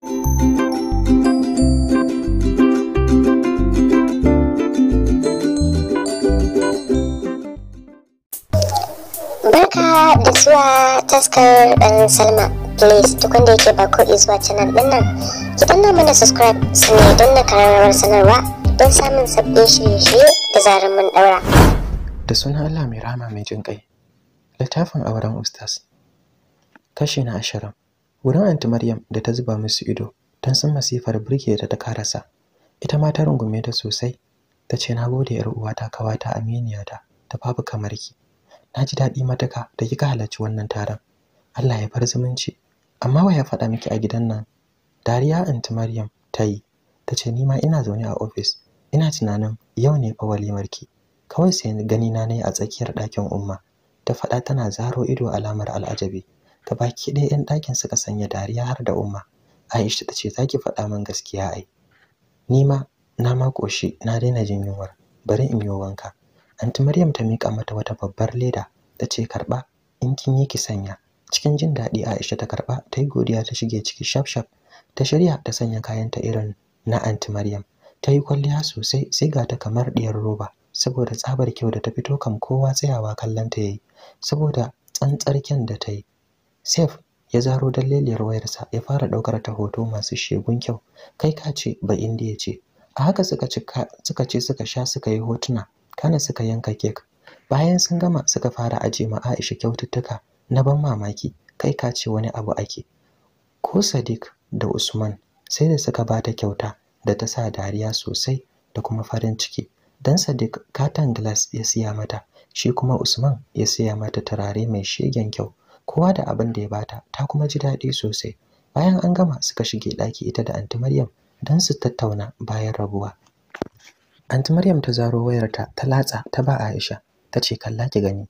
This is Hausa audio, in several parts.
Barka da zuwa taskar ɗan Salma. Please duk wanda yake ba ko zuwa canal ɗin nan, ki danna mana subscribe su ne don na kararrawar sanarwa don samun sabbin shirye-shirye da zarar mun ɗaura. Da sunan Allah mai rama mai jin ƙai, littafin auren Ustaz, kashi na ashirin. Wurin Anti Maryam da ta zuba musu ido don sun masifar burge da ta karasa. Ita ma ta rungume ta sosai ta ce na gode yar uwata kawata aminiyata ta babu kamar ki. Na ji daɗi mataka da kika halarci wannan taron. Allah ya bar zumunci. Amma wa ya faɗa miki a gidan nan? Dariya Anti Maryam ta yi. Ta ce ni ma ina zaune a ofis. Ina tunanin yau ne fa walimarki. Kawai sai gani na ne a tsakiyar ɗakin umma. Ta faɗa tana zaro ido alamar al'ajabi. baki ɗaya 'yan ɗakin suka sanya dariya har da umma aisha ta ce za ki faɗa min gaskiya ai ni ma na ma ƙoshi na daina jin yunwar bari in yi wanka anti maryam ta miƙa mata wata babbar leda ta ce karɓa in kin yi ki sanya cikin jin daɗi aisha ta karɓa ta yi godiya ta shige ciki shaf shaf ta shirya ta sanya kayanta irin na anti maryam ta yi kwalliya sosai sai ga ta kamar ɗiyar roba saboda tsabar kyau da ta fito kam kowa tsayawa kallon ta yayi saboda tsantsar da ta yi sef ya zaro dalleliyar wayarsa ya fara daukar ta hoto masu shegun kyau. Kai ka ce ba indiya ce. A haka suka cika suka ce suka sha suka yi hotuna, kana suka yanka kek. Bayan sun gama suka fara aje ma Aisha kyaututtuka na ban mamaki, kai ka ce wani abu ake. Ko Sadiq da Usman sai da suka ba ta kyauta da ta sa dariya sosai da kuma farin ciki. Dan Sadiq katon glass ya siya mata, shi kuma Usman ya siya mata turare mai shegen kyau. kowa da abin da ya bata ta kuma ji daɗi sosai bayan an gama suka shige ɗaki ita da anti maryam don su tattauna bayan rabuwa anti maryam ta zaro wayarta ta latsa ta ba aisha ta ce kalla ki gani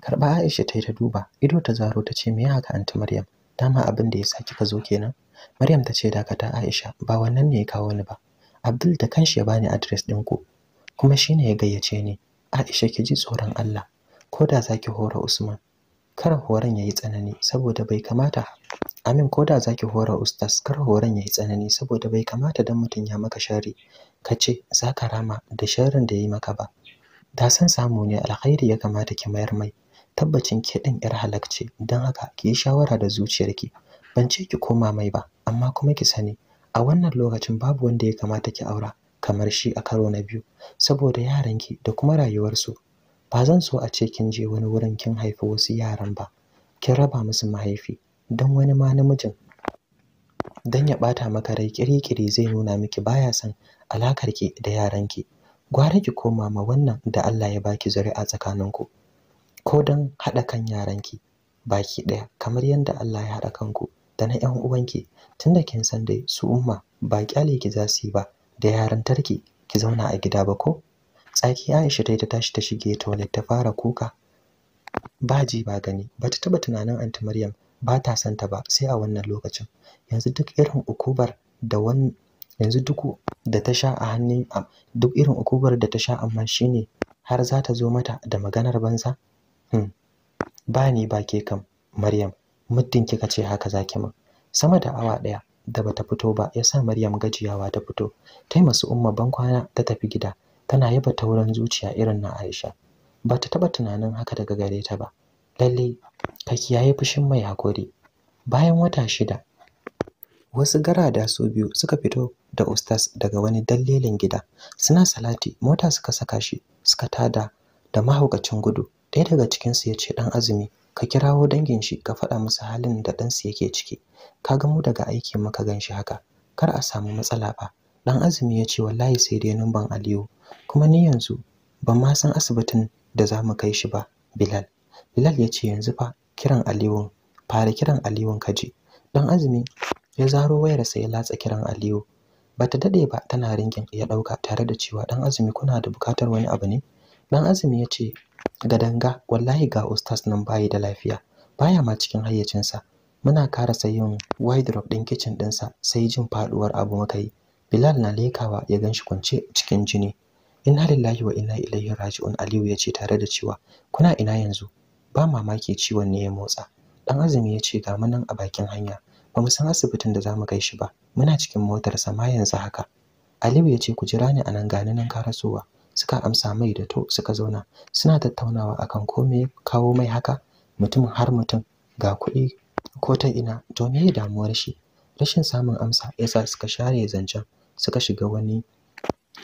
karɓa aisha ta yi ta duba ido ta zaro ta ce me haka anti maryam dama abin da ya sa kika zo kenan maryam ta ce dakata aisha ba wannan ne ya kawo ni ba abdul da kanshi ya bani adres ɗin ku kuma shine ya gayyace ni aisha ki ji tsoron allah ko da za ki hora usman kar horon yayi tsanani saboda bai kamata amin ko da zaki hora Ustas kar horon yayi tsanani saboda bai kamata dan mutum ya maka shari kace zaka rama da sharrin da ya yi maka ba da san samu ne alkhairi ya kamata ki mayar mai tabbacin ke din yar halakce dan haka ki yi shawara da zuciyarki ban ce ki koma mai ba amma kuma ki sani a wannan lokacin babu wanda ya kamata ki aura kamar shi a karo na biyu saboda yaranki da kuma rayuwarsu ba zan so a ce kin je wani wurin kin haifi wasu yaran ba kin raba musu mahaifi don wani ma namijin don ya bata maka rai kirikiri zai nuna miki baya son alakar ki da yaran ki gwara ki koma ma wannan da Allah ya baki zuri'a tsakaninku ko don haɗa kan yaran ki baki ɗaya kamar yadda Allah ya haɗa kanku da na ƴan uwanki tunda kin san dai su umma ba kyale ki za su yi ba da yaran tarki ki zauna a gida ba ko tsaki Aisha ta yi ta tashi ta shige toilet ta fara kuka ba ji ba gani ba ta taba tunanin anti Maryam ba ta son ta ba sai a wannan lokacin yanzu duk irin ukubar da yanzu duk da ta sha a hannun duk irin ukubar da ta sha amma shine har za ta zo mata da maganar banza hmm. ba ni ba ke kam Maryam muddin kika ce haka zaki min sama da awa ɗaya da bata fito ba yasa Maryam gajiyawa ta fito tai masu umma ban kwana ta tafi gida tana yaba taurin zuciya irin na Aisha ba ta taɓa tunanin haka daga gare ta ba lalle ka kiyaye fushin mai hakuri bayan wata shida wasu garada su biyu suka fito da ustas daga wani dallelin gida suna salati mota suka saka shi suka tada da mahaukacin gudu ɗaya daga cikinsu ya ce ɗan azumi ka kirawo dangin shi ka faɗa musu halin da ɗansu yake ciki ka ga daga aiki muka ganshi haka kar a samu matsala ba Dan Azumi ya ce wallahi sai dai numban Aliyu kuma ni yanzu ban ma san asibitin da zamu kai shi ba Bilal. Bilal ya ce yanzu fa kiran Aliyu fara kiran Aliyu kaje. Dan Azumi ya zaro wayarsa ya latsa kiran Aliyu. Bata dade ba tana ringin ya dauka tare da cewa Dan Azumi kuna da bukatar wani abu ne? Dan Azumi ya ce danga, wallahi ga ustaz nan bayi da lafiya baya ma cikin hayyacinsa muna karasa yin wide drop din kitchen dinsa sai jin faduwar abu muka yi Bilal na lekawa ya ganshi kwance cikin jini. Inna lillahi wa inna ilaihi raji'un Aliyu ya ce tare da cewa kuna ina yanzu? Ba mamaki ciwon ne ya motsa. Dan Azumi ya ce ga munan a bakin hanya. Ba mu san asibitin da zamu mu kai shi ba. Muna cikin motar sa ma yanzu haka. Aliyu ya ce ku jira ni a nan gani nan karasowa. Suka amsa mai da to suka zauna. Suna tattaunawa akan ko me kawo mai haka? Mutum har mutum ga kuɗi ko ta ina to me damuwar shi? Rashin samun amsa yasa suka share zancen. suka shiga wani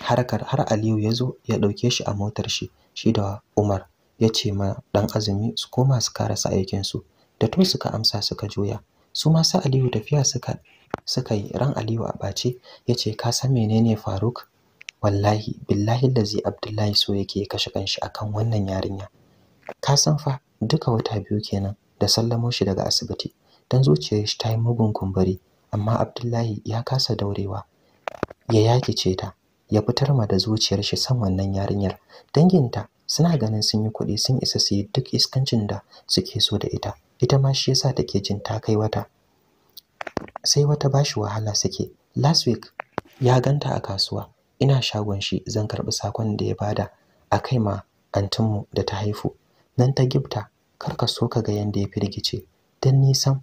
harkar har Aliyu ya zo ya ɗauke shi a motar shi shi da Umar ya ce ma ɗan azumi su koma su karasa aikinsu da to suka amsa suka juya su ma sa Aliyu tafiya suka suka yi ran Aliyu a ɓace ya ce ka san menene Faruk wallahi billahi lazi Abdullahi so yake kashe kanshi akan wannan yarinya ka san fa duka wata biyu kenan da sallamo shi daga asibiti dan zuciyar shi ta yi mugun kumburi amma Abdullahi ya kasa daurewa ya ce ta ya fitar ma da zuciyar shi san wannan yarinyar danginta suna ganin sun yi kuɗi sun isa su yi duk iskancin da suke so da ita ita ma shi yasa take jin ta kai wata sai wata bashi wahala suke last week ya ganta a kasuwa ina shagon shi zan karɓi sakon da ya bada a kai ma antinmu da ta haifu nan ta gifta kar ka so ka ga yanda ya firgice dan nisan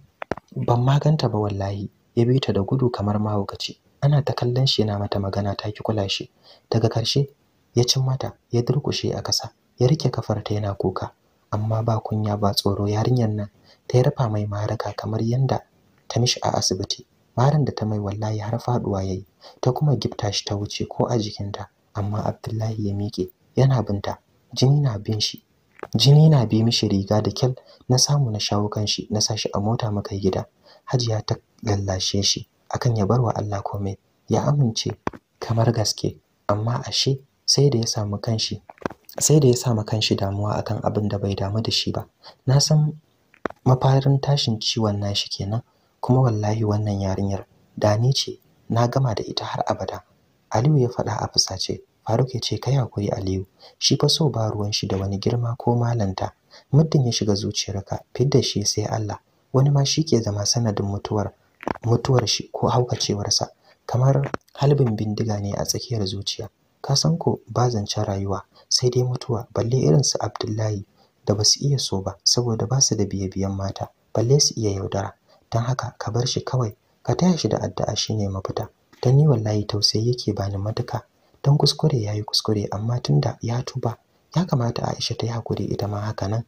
ban maganta ba wallahi ya bi ta da gudu kamar mahaukaci ana ta kallon shi yana mata magana ta ki kula shi daga karshe ya cin mata ya durkushe a ƙasa ya rike ta yana kuka amma ba kunya ba tsoro yarinyar nan ta rufa mai maraka kamar yanda ta mishi a asibiti maran da ta mai wallahi har faduwa yayi ta kuma gifta shi ta wuce ko a jikinta amma Abdullahi ya miƙe yana binta jini na bin shi jini na bi mishi riga da kyal na samu na shawo kan shi na sashi a mota muka gida hajiya ta lallashe shi akan ya bar wa Allah komai ya amince kamar gaske amma ashe sai da ya samu kanshi sai da ya samu kanshi damuwa akan abin da bai damu da shi ba na san mafarin tashin ciwon nashi kenan kuma wallahi wannan yarinyar da ni ce na gama da ita har abada Aliyu ya faɗa a fusace Faruk ya ce kai hakuri Aliyu shi fa so ba ruwan shi da wani girma ko malanta muddin ya shiga zuciyarka fidda shi sai Allah wani ma shi ke zama sanadin mutuwar mutuwar shi ko haukacewar sa kamar halbin bindiga ne a tsakiyar zuciya ka san ko ba zancen rayuwa sai dai mutuwa balle irin su Abdullahi da basu iya so ba saboda ba su da biye biyan mata balle su iya yaudara don haka ka bar shi kawai ka taya shi da addu'a shine mafita dan ni wallahi tausayi yake ni matuka dan kuskure yayi kuskure amma tunda ya tuba ya kamata Aisha ta yi hakuri ita ma haka nan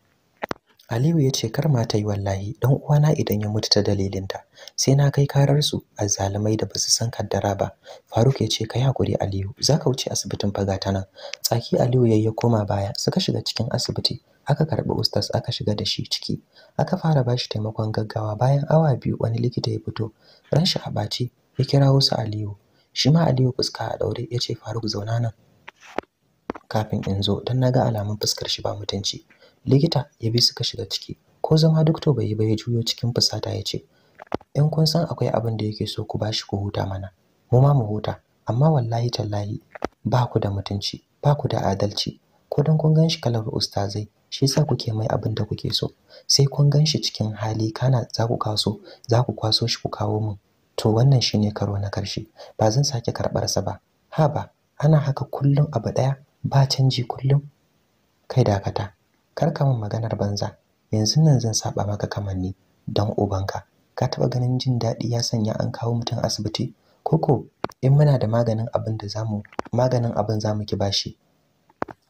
Aliyu ya ce kar ma ta yi wallahi dan uwana idan ya mutu ta dalilinta sai na kai karar su azzalumai da basu san kaddara ba Faruk ya ce kai hakuri Aliyu zaka wuce asibitin faga ta nan tsaki Aliyu yayi ya koma baya suka shiga cikin asibiti aka karbi ustaz aka shiga da shi ciki aka fara bashi taimakon gaggawa bayan awa biyu wani likita ya fito ran shi a bace ya kira wasu Aliyu shi ma Aliyu fuska a daure ya ce Faruk zauna nan kafin in zo dan naga alamun fuskar shi ba mutunci likita ya bi suka shiga ciki ko zama dokto bai yi ba ya juyo cikin fusata ya ce in kun san akwai abin da yake so ku ba shi ku huta mana mu ma mu huta amma wallahi tallahi ba ku da mutunci ba ku da adalci ko don kun gan shi kalar ustazai shi yasa kuke mai abin da kuke so sai kun gan shi cikin hali kana za ku kaso za ku kwaso shi ku kawo mun to wannan shine karo na karshe ba zan sake karbar sa ba ha ba ana haka kullum abu daya ba canji kullum kai dakata kar ka min maganar banza yanzu nan zan saba maka kamanni dan ubanka ka taba ganin jin daɗi ya sanya an kawo mutum asibiti koko in muna da maganin abin da zamu maganin abin zamu ki bashi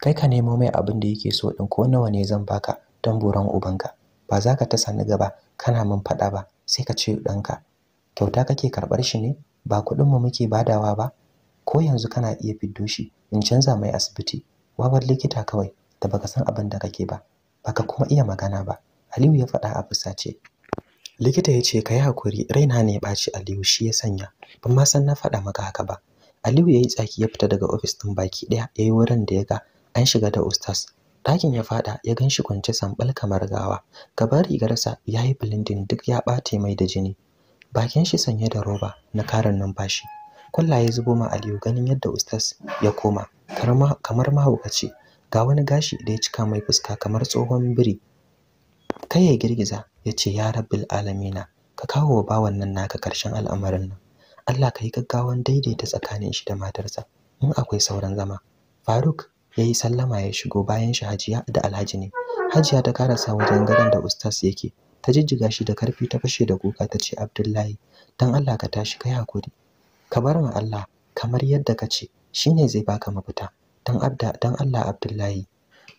kai ka nemo mai abin da yake so din ko nawa ne zan baka dan buran ubanka ba za ka ta sani gaba kana min faɗa ba sai ka ce ɗanka kyauta kake karɓar shi ne ba mu muke badawa ba ko yanzu kana iya fiddo shi in canza mai asibiti wabar likita kawai da baka san abin da kake ba baka kuma iya magana ba Aliyu ya faɗa a fusace likita ya ce ka yi hakuri raina ne ya ɓaci Aliyu shi ya sanya ban ma san na faɗa maka haka ba Aliyu ya yi tsaki ya fita daga ofis ɗin baki ɗaya ya yi wurin da ya ga an shiga da ustas. ɗakin ya faɗa ya gan shi kwance sambal kamar gawa gaban rigarsa ya yi bilindin duk ya ɓace mai da jini bakin shi sanye da roba na karin numfashi kwallaye zubo ma Aliyu ganin yadda ustas ya koma kamar mahaukaci ga wani gashi da ya cika mai fuska kamar tsohon biri kai ya girgiza ya ce ya rabbil alamina ka kawo wa bawan nan naka karshen al'amarin nan Allah ka yi gaggawan daidaita tsakanin shi da matarsa in akwai sauran zama Faruk ya yi sallama ya shigo bayan shi Hajiya da Alhaji ne Hajiya ta karasa wajen gadon da ustaz yake ta jijjiga shi da karfi ta fashe da kuka ta ce Abdullahi dan Allah ka tashi kai hakuri ka bar ma Allah kamar yadda ka ce shine zai baka mafita dan abda dan Allah Abdullahi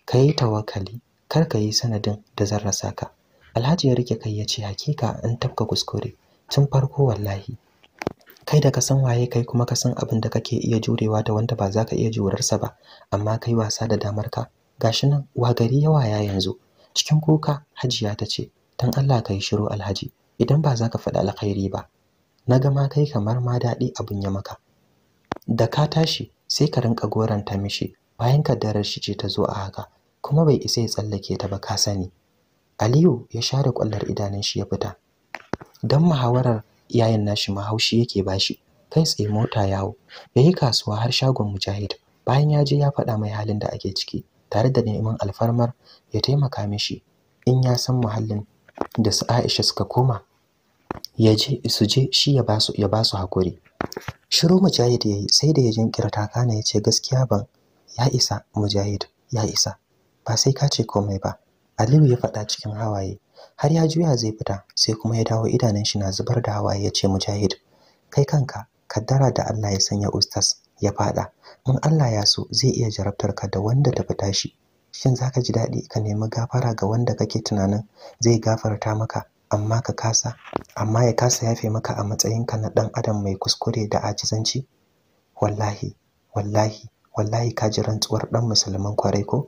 kai tawakkali kar ka yi sanadin da zan rasa ka Alhaji ya rike kai ya ce hakika an tafka kuskure tun farko wallahi kai da ka san waye kai kuma ka san abin da kake iya jurewa da wanda ba za ka iya jurarsa ba amma kai wasa da damar ka gashi nan wa gari yawa ya yanzu cikin kuka hajiya ta ce dan Allah kai shiru Alhaji idan ba za ka faɗi alkhairi ba na ga ma kai kamar ma daɗi abin ya maka da ka tashi sai ka rinka goranta mishi bayan kaddarar shi ce ta zo a haka kuma bai isa ya tsallake ta ba ka sani Aliyu ya share kwallar idanun shi ya fita Don muhawarar iyayen nashi mahaushi yake bashi kai tsaye mota yawo yi kasuwa har shagon Mujahid bayan ya je ya faɗa mai halin da ake ciki tare da neman alfarmar ya taimaka mishi in ya san muhallin da su Aisha suka koma ya je su je shi ya basu ya basu hakuri Shiru Mujahid ya yi sai da ya taka na ya ce gaskiya ban ya isa Mujahid ya isa ba sai ka ce komai ba. Aliyu ya faɗa cikin hawaye har ya juya zai fita sai kuma ya dawo idanun shi na zubar da hawaye ya ce Mujahid kai kanka kaddara da Allah ya sanya ustas ya faɗa. in Allah ya so zai iya jarabtar ka da wanda ta fita shi shin zaka ji daɗi ka nemi gafara ga wanda kake tunanin zai gafarta maka amma ka kasa amma ya kasa yafe maka a matsayinka na dan adam mai kuskure da ajizanci wallahi wallahi wallahi ka ji rantsuwar dan musulman kwarai ko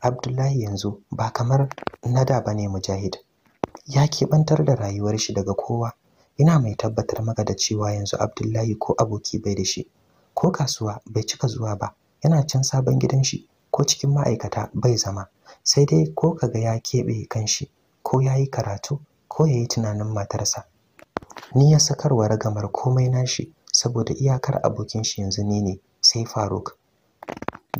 Abdullahi yanzu ba kamar nada bane mujahid ya kebantar da rayuwar shi daga kowa ina mai tabbatar maka da cewa yanzu Abdullahi ko aboki bai da shi ko kasuwa bai cika zuwa ba yana can sabon gidan shi ko cikin ma'aikata bai zama sai dai ko kaga ya keɓe kanshi ko ya yi karatu ko ya yi tunanin matarsa ni ya sakarwa ragamar komai nashi saboda iyakar abokin shi yanzu ni ne sai faruk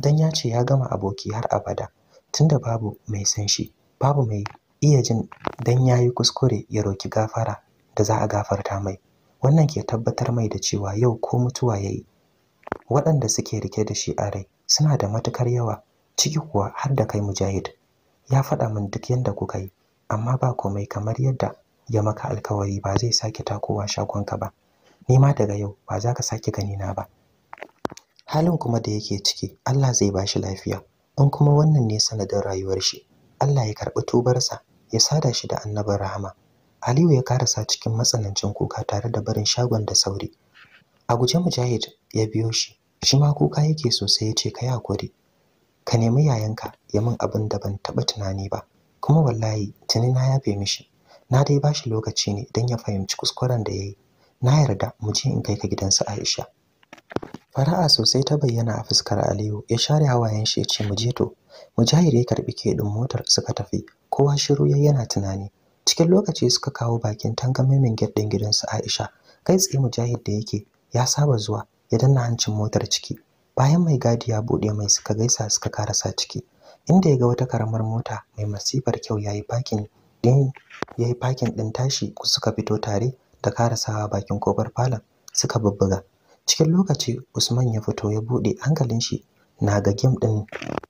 dan ya ce ya gama aboki har abada tunda babu mai san shi babu mai iya jin dan ya yi kuskure ya roki gafara da za a gafarta mai wannan ke tabbatar mai da cewa yau ko mutuwa ya yi waɗanda suke rike da shi a rai suna da matukar yawa ciki kuwa har da kai mujahid ya faɗa min duk yadda kuka yi amma ba komai kamar yadda ya maka alkawari ba zai sake takowa shagonka ba ni ma daga yau ba za ka sake na ba halin kuma da yake ciki Allah zai ba shi lafiya in kuma wannan ne sanadin rayuwar shi Allah ya karɓi tubarsa ya sada shi da annabar rahama Aliyu ya karasa cikin matsanancin kuka tare da barin shagon da sauri a guje Mujahid ya biyo shi shi ma kuka yake sosai ya ce ka kai hakuri ka nemi yayanka ya min abin da ban taɓa tunani ba kuma wallahi tuni na yafe mishi na dai bashi lokaci ne don ya fahimci kuskuren da ya yi na yarda mu je in kai ka gidansa Aisha fara'a sosai ta bayyana a fuskar Aliyu ya share hawayen shi ya ce mu je to Mujahid ya karbi keɗin motar suka tafi kowa shiru yayi yana tunani cikin lokaci suka kawo bakin tangamemin gidan gidansu Aisha kai tsaye Mujahid da yake ya saba zuwa ya danna hancin motar ciki bayan mai gadi ya buɗe mai suka gaisa suka karasa ciki inda ya ga wata karamar mota mai masifar kyau yi parking din yi parking din tashi suka fito tare da karasawa bakin kofar falon suka bubbuga cikin lokaci Usman ya fito ya buɗe hankalin shi na ga game din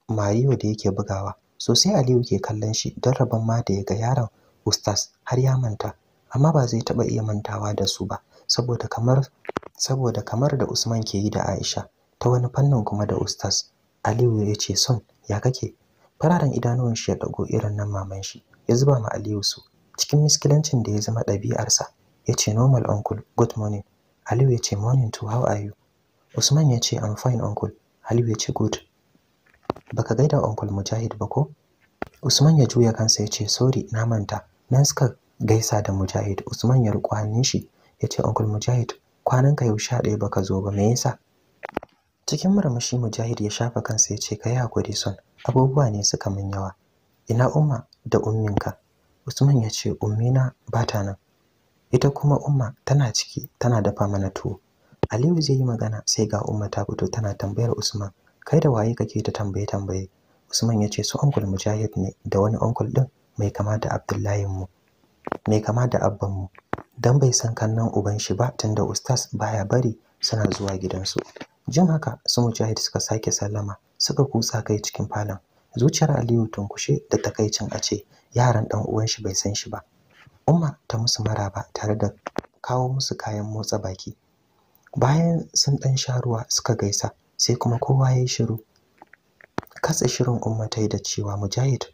Mario da yake bugawa sosai Aliyu ke kallon shi don rabon ma da ya ga yaron Ustaz har ya manta amma ba zai taba iya mantawa da su ba saboda kamar saboda kamar da Usman ke yi da Aisha ta wani fannin kuma da Ustaz Aliyu ya ce son ya kake fararen idanuwan shi ya dago irin nan maman shi ya zuba ma Aliyu su cikin miskilancin da ya zama ɗabi'arsa ya ce normal uncle good morning Aliyu ya ce morning to how are you Usman ya ce I'm fine uncle Aliyu ya ce good baka gaida uncle Mujahid ba ko Usman ya juya kansa ya ce sorry na manta nan suka gaisa da Mujahid Usman ya ruku hannun shi ya ce uncle Mujahid kwanan ka yau sha ɗaya baka zo ba me yasa cikin murmushi Mujahid ya shafa kansa ya ce kai hakuri son abubuwa ne suka min yawa ina umma da umminka usman ya ce ummina ba ta nan ita kuma umma tana ciki tana dafa mana tuwo aliyu zai yi magana sai ga umma ta fito tana tambayar usman kai da waye kake ta tambaye tambaye usman ya ce su uncle mujahid ne da wani uncle din mai kama da abdullahi mu mai kama da abban mu dan bai san kannan uban shi ba tunda ustaz baya bari suna zuwa gidansu jin haka su mujahid suka sake sallama suka kutsa kai cikin falon zuciyar aliyu tunkushe da takaicin a ce yaran dan uwan shi bai san shi ba umma ta musu maraba tare da kawo musu kayan motsa baki bayan sun dan sha ruwa suka gaisa sai kuma kowa ya yi shiru katse shirin umma ta yi da cewa mujahid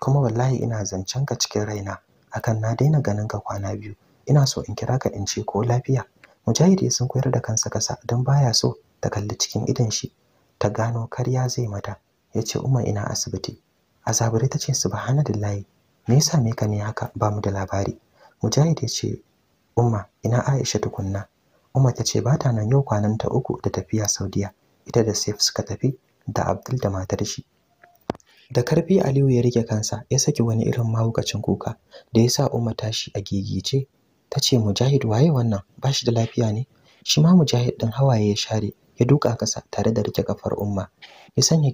kuma wallahi ina zancen ka cikin raina akan na daina ganin ka kwana biyu ina so in kira ka in ce ko lafiya mujahid ya sun koyar da kansa kasa don baya so ta kalli cikin idon shi ta gano karya zai mata ya ce umar ina asibiti a zabirai ta ce subhanallahi me yasa me ka ne haka ba mu da labari mujahid ya ce umma ina aisha tukunna umma ta ce ba ta nan yau kwanan ta uku da tafiya saudiya ita da saif suka tafi da abdul da matar shi da karfi aliyu ya rike kansa ya saki wani irin mahaukacin kuka da ya sa ta shi a gigice ta ce mujahid waye wannan ba shi da lafiya ne shi ma mujahid din hawaye ya share ya duka kasa tare da rike kafar umma ya sanya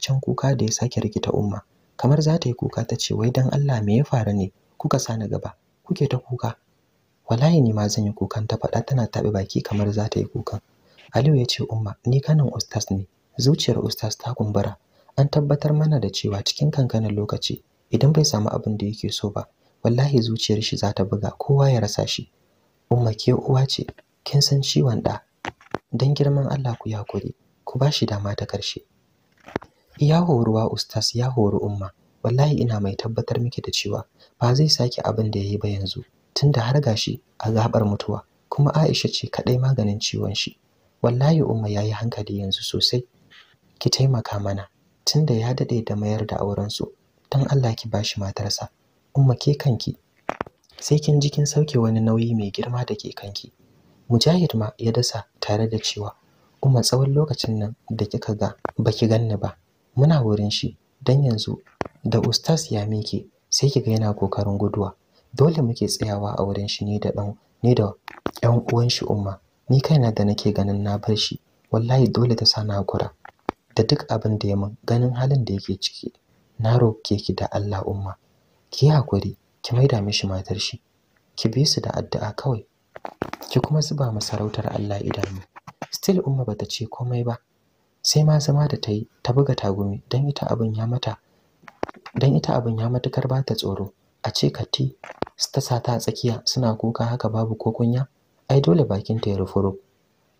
can kuka da ya sake rikita umma kamar za ta yi kuka ta ce wai dan Allah me ya faru ne kuka sa ni gaba kuke ta kuka wallahi ni ma zan yi kukan ta faɗa tana taɓe baki kamar za ta yi kukan Aliyu ya ce umma ni kanin ustaz ne zuciyar ustaz ta kumbura an tabbatar mana da cewa cikin kankanin lokaci idan bai samu abin da yake so ba wallahi zuciyar shi za ta buga kowa ya rasa shi umma ke uwa ce kin san ciwon da don girman Allah ku yakuri ku ba shi dama ta karshe ya horuwa Ustas, ya horu umma wallahi ina mai tabbatar miki da cewa ba zai sake abin da yayi ba yanzu tunda har gashi a gabar mutuwa kuma Aisha ce kaɗai maganin ciwon shi wallahi umma ya yi hankali yanzu sosai ki taimaka mana tunda ya dade da mayar da auren su dan Allah ki bashi matarsa umma ke kanki sai kin ji kin sauke wani nauyi mai girma da ke kanki Mujahid ma ya dasa tare da cewa kuma tsawon lokacin nan da kika ga baki ganni ba muna wurin shi dan yanzu da ustaz ya miki sai kiga yana kokarin guduwa dole muke tsayawa a wurin shi ne da dan ne da ƴan uwan shi Umma ni kaina da nake ganin na bar shi wallahi dole ta sa na hakura da duk abin da ya mun ganin halin da yake ciki na roke ki da Allah Umma ki hakuri ki maida mishi matar shi ki bi su da addu'a kawai ki kuma zuba ma sarautar Allah idanu still umma bata ce komai ba sai ma zama da ta ta buga tagumi dan ita abin ya mata dan ita abin ya matukar ba ta tsoro a ce kati ta sa ta tsakiya suna kuka haka babu ko kunya ai dole bakin ta ya rufuro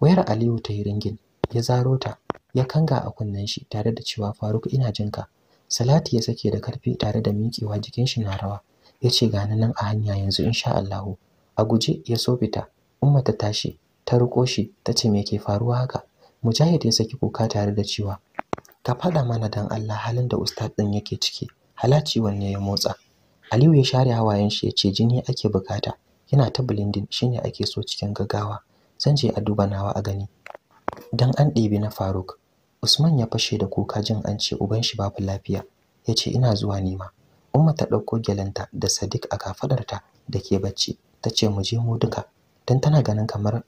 wayar Aliyu ta yi ringin ya zaro ta ya kanga a kunnen shi tare da cewa Faruk ina jinka Salati ya sake da karfi tare da miƙewa jikin shi na rawa yace gani nan a hanya yanzu insha Allahu a guje ya so fita umma ta tashi ta riko shi ta ce me ke faruwa haka mujahid ya saki kuka tare da cewa ka faɗa mana dan Allah halin da ustad din yake ciki halaci wanne ya motsa Aliyu ya share hawayen shi ya ce jini ake bukata yana ta blending shine ake so cikin gaggawa zan je a duba nawa a gani dan an ɗebi na Faruk Usman ya fashe da kuka jin an ce uban shi babu lafiya yace ina zuwa nema Umma ta ɗauko gelanta da Sadiq a kafadarta da ke bacci ta ce mu je mu duka don tana ganin kamar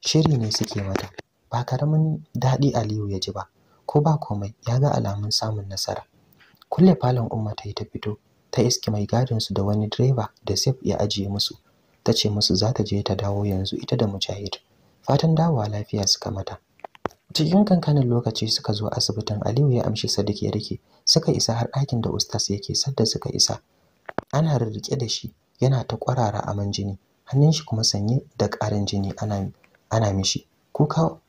shiri ne suke mata ba karamin daɗi aliyu ya ji ba ko ba komai ya ga alamun samun nasara kulle falon umma ta yi ta fito ta iske mai gadin su da wani direba da sef ya ajiye musu ta ce musu za ta je ta dawo yanzu ita da mujahid fatan dawowa lafiya suka mata cikin kankanin lokaci suka zo asibitin aliyu ya amshi sadiki ya rike suka isa har ɗakin da ustas yake sadda suka isa ana rirriƙe da shi yana ta kwarara aman jini hannun shi kuma sanye da ƙarin jini ana mishi kuka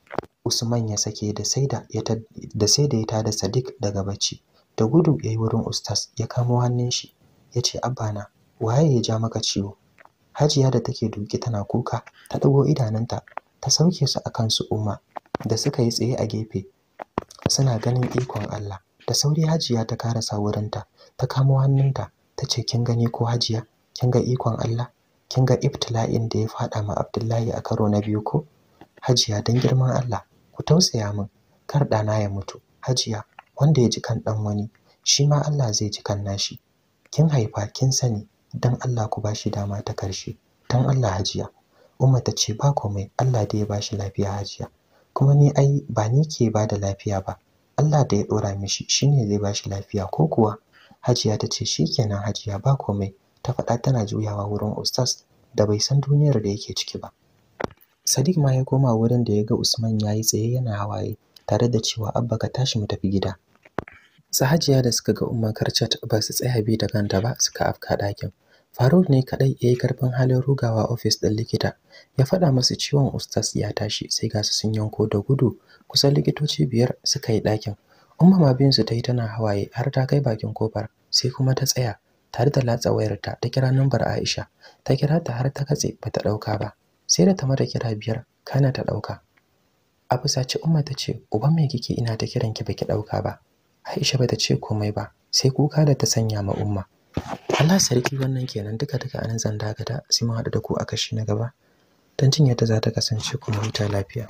Usman ya sake da saida ya da tada Sadiq daga bacci da gudu yayi wurin ustaz ya kamo hannun shi ya ce 'Abba na, waye ya ja maka ciwo Hajiya da take duki tana kuka ta dago idananta ta sauke su akan su Umma da suka yi tsaye a gefe suna ganin ikon Allah da sauri Hajiya ta karasa wurinta ta kamo hannunta ta ce kin gani ko Hajiya kin ga ikon Allah kin ga ibtila'in da ya faɗa ma Abdullahi a karo na biyu ko Hajiya dan girman Allah ku tausaya min kar ɗana ya mutu Hajiya wanda ya ji kan dan wani shi ma Allah zai ji kan nashi kin haifa kin sani dan Allah ku bashi dama ta karshe dan Allah Hajiya Umma ta ce ba komai Allah da ya bashi lafiya Hajiya kuma ni ai ba ni ke ba da lafiya ba Allah da ya dora mishi shine zai bashi lafiya ko kuwa Hajiya ta ce shikenan Hajiya ba komai ta faɗa tana juyawa wurin ustaz da bai san duniyar da yake ciki ba sadiq ma ya koma wurin da ya ga usman ya yi tsaye yana hawaye tare da cewa abba ka tashi mu tafi gida sahajiya da suka ga Umar karchat ba su tsaya bi da kanta ba suka afka ɗakin faruk ne kaɗai ya yi karfin halin rugawa ofis ɗin likita ya faɗa masa ciwon ustas ya tashi sai ga su sun yanko da gudu kusan likitoci biyar suka yi ɗakin umma ma biyun su ta yi tana hawaye har ta kai bakin kofar sai kuma ta tsaya tare da latsa wayarta ta kira nambar Aisha ta kira ta har ta katse ba ta ɗauka ba sai da ta mata kira biyar kana ta dauka a fusace umma ta ce uba mai kike ina ta kiran ki baki ɗauka ba Aisha ba ta ce komai ba sai kuka da ta sanya ma umma Allah sarki wannan kenan duka duka nan zan dakata sai mun haɗu da ku a kashi na gaba dan cin yadda za ta kasance kuma huta lafiya